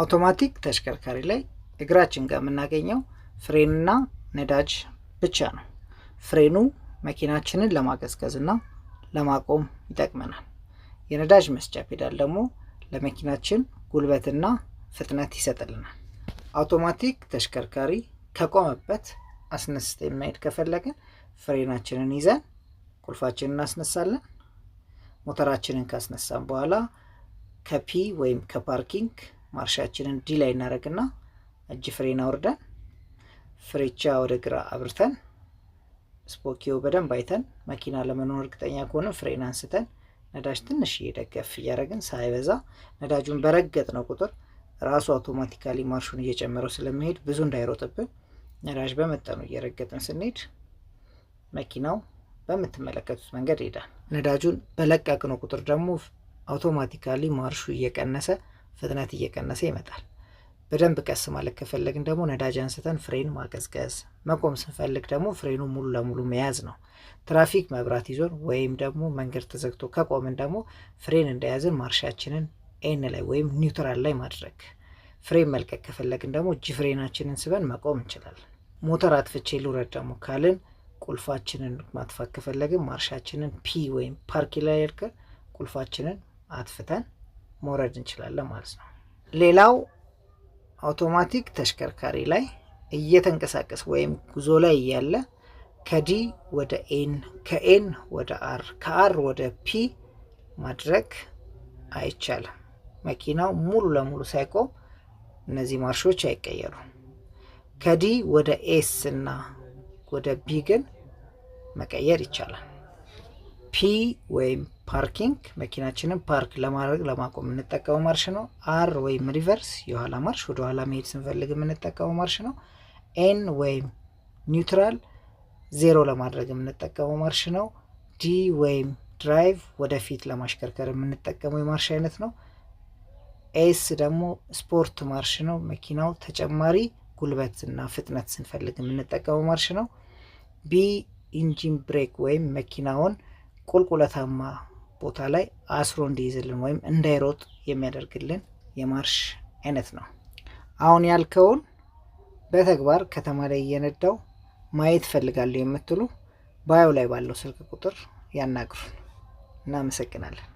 አውቶማቲክ ተሽከርካሪ ላይ እግራችን ጋር የምናገኘው ፍሬንና ነዳጅ ብቻ ነው። ፍሬኑ መኪናችንን ለማቀዝቀዝና ለማቆም ይጠቅመናል። የነዳጅ መስጫ ፔዳል ደግሞ ለመኪናችን ጉልበትና ፍጥነት ይሰጥልናል። አውቶማቲክ ተሽከርካሪ ከቆመበት አስነስተ የማሄድ ከፈለግን ፍሬናችንን ይዘን ቁልፋችንን እናስነሳለን። ሞተራችንን ካስነሳን በኋላ ከፒ ወይም ከፓርኪንግ ማርሻችንን ዲ ላይ እናደርግና እጅ ፍሬን አውርደን ፍሬቻ ወደ ግራ አብርተን ስፖኪዮ በደንብ አይተን መኪና ለመኖር እርግጠኛ ከሆነ ፍሬን አንስተን ነዳጅ ትንሽ እየደገፍ እያደረግን ሳይበዛ ነዳጁን በረገጥ ነው ቁጥር ራሱ አውቶማቲካሊ ማርሹን እየጨመረው ስለሚሄድ ብዙ እንዳይሮጥብን ነዳጅ በመጠኑ እየረገጥን ስንሄድ መኪናው በምትመለከቱት መንገድ ይሄዳል። ነዳጁን ነው ቁጥር ደግሞ አውቶማቲካሊ ማርሹ እየቀነሰ ፍጥነት እየቀነሰ ይመጣል። በደንብ ቀስ ማለት ከፈለግን ደግሞ ነዳጅ አንስተን ፍሬን ማቀዝቀዝ፣ መቆም ስንፈልግ ደግሞ ፍሬኑ ሙሉ ለሙሉ መያዝ ነው። ትራፊክ መብራት ይዞን ወይም ደግሞ መንገድ ተዘግቶ ከቆምን ደግሞ ፍሬን እንደያዝን ማርሻችንን ኤን ላይ ወይም ኒውትራል ላይ ማድረግ። ፍሬን መልቀቅ ከፈለግን ደግሞ እጅ ፍሬናችንን ስበን መቆም እንችላለን። ሞተር አጥፍቼ ልውረድ ደግሞ ካልን ቁልፋችንን ማጥፋት ከፈለግን ማርሻችንን ፒ ወይም ፓርኪ ላይ ያልከ ቁልፋችንን አጥፍተን መውረድ እንችላለን ማለት ነው። ሌላው አውቶማቲክ ተሽከርካሪ ላይ እየተንቀሳቀስ ወይም ጉዞ ላይ እያለ ከዲ ወደ ኤን ከኤን ወደ አር ከአር ወደ ፒ ማድረግ አይቻልም። መኪናው ሙሉ ለሙሉ ሳይቆም እነዚህ ማርሾች አይቀየሩም። ከዲ ወደ ኤስ እና ወደ ቢ ግን መቀየር ይቻላል። ፒ ወይም ፓርኪንግ መኪናችንን ፓርክ ለማድረግ ለማቆም የምንጠቀመው ማርሽ ነው። አር ወይም ሪቨርስ የኋላ ማርሽ ወደ ኋላ መሄድ ስንፈልግ የምንጠቀመው ማርሽ ነው። ኤን ወይም ኒውትራል ዜሮ ለማድረግ የምንጠቀመው ማርሽ ነው። ዲ ወይም ድራይቭ ወደፊት ለማሽከርከር የምንጠቀመው የማርሽ አይነት ነው። ኤስ ደግሞ ስፖርት ማርሽ ነው። መኪናው ተጨማሪ ጉልበት እና ፍጥነት ስንፈልግ የምንጠቀመው ማርሽ ነው። ቢ ኢንጂን ብሬክ ወይም መኪናውን ቁልቁለታማ ቦታ ላይ አስሮ እንዲይዝልን ወይም እንዳይሮጥ የሚያደርግልን የማርሽ አይነት ነው። አሁን ያልከውን በተግባር ከተማ ላይ እየነዳው ማየት ፈልጋለሁ የምትሉ ባዮ ላይ ባለው ስልክ ቁጥር ያናግሩን። እናመሰግናለን።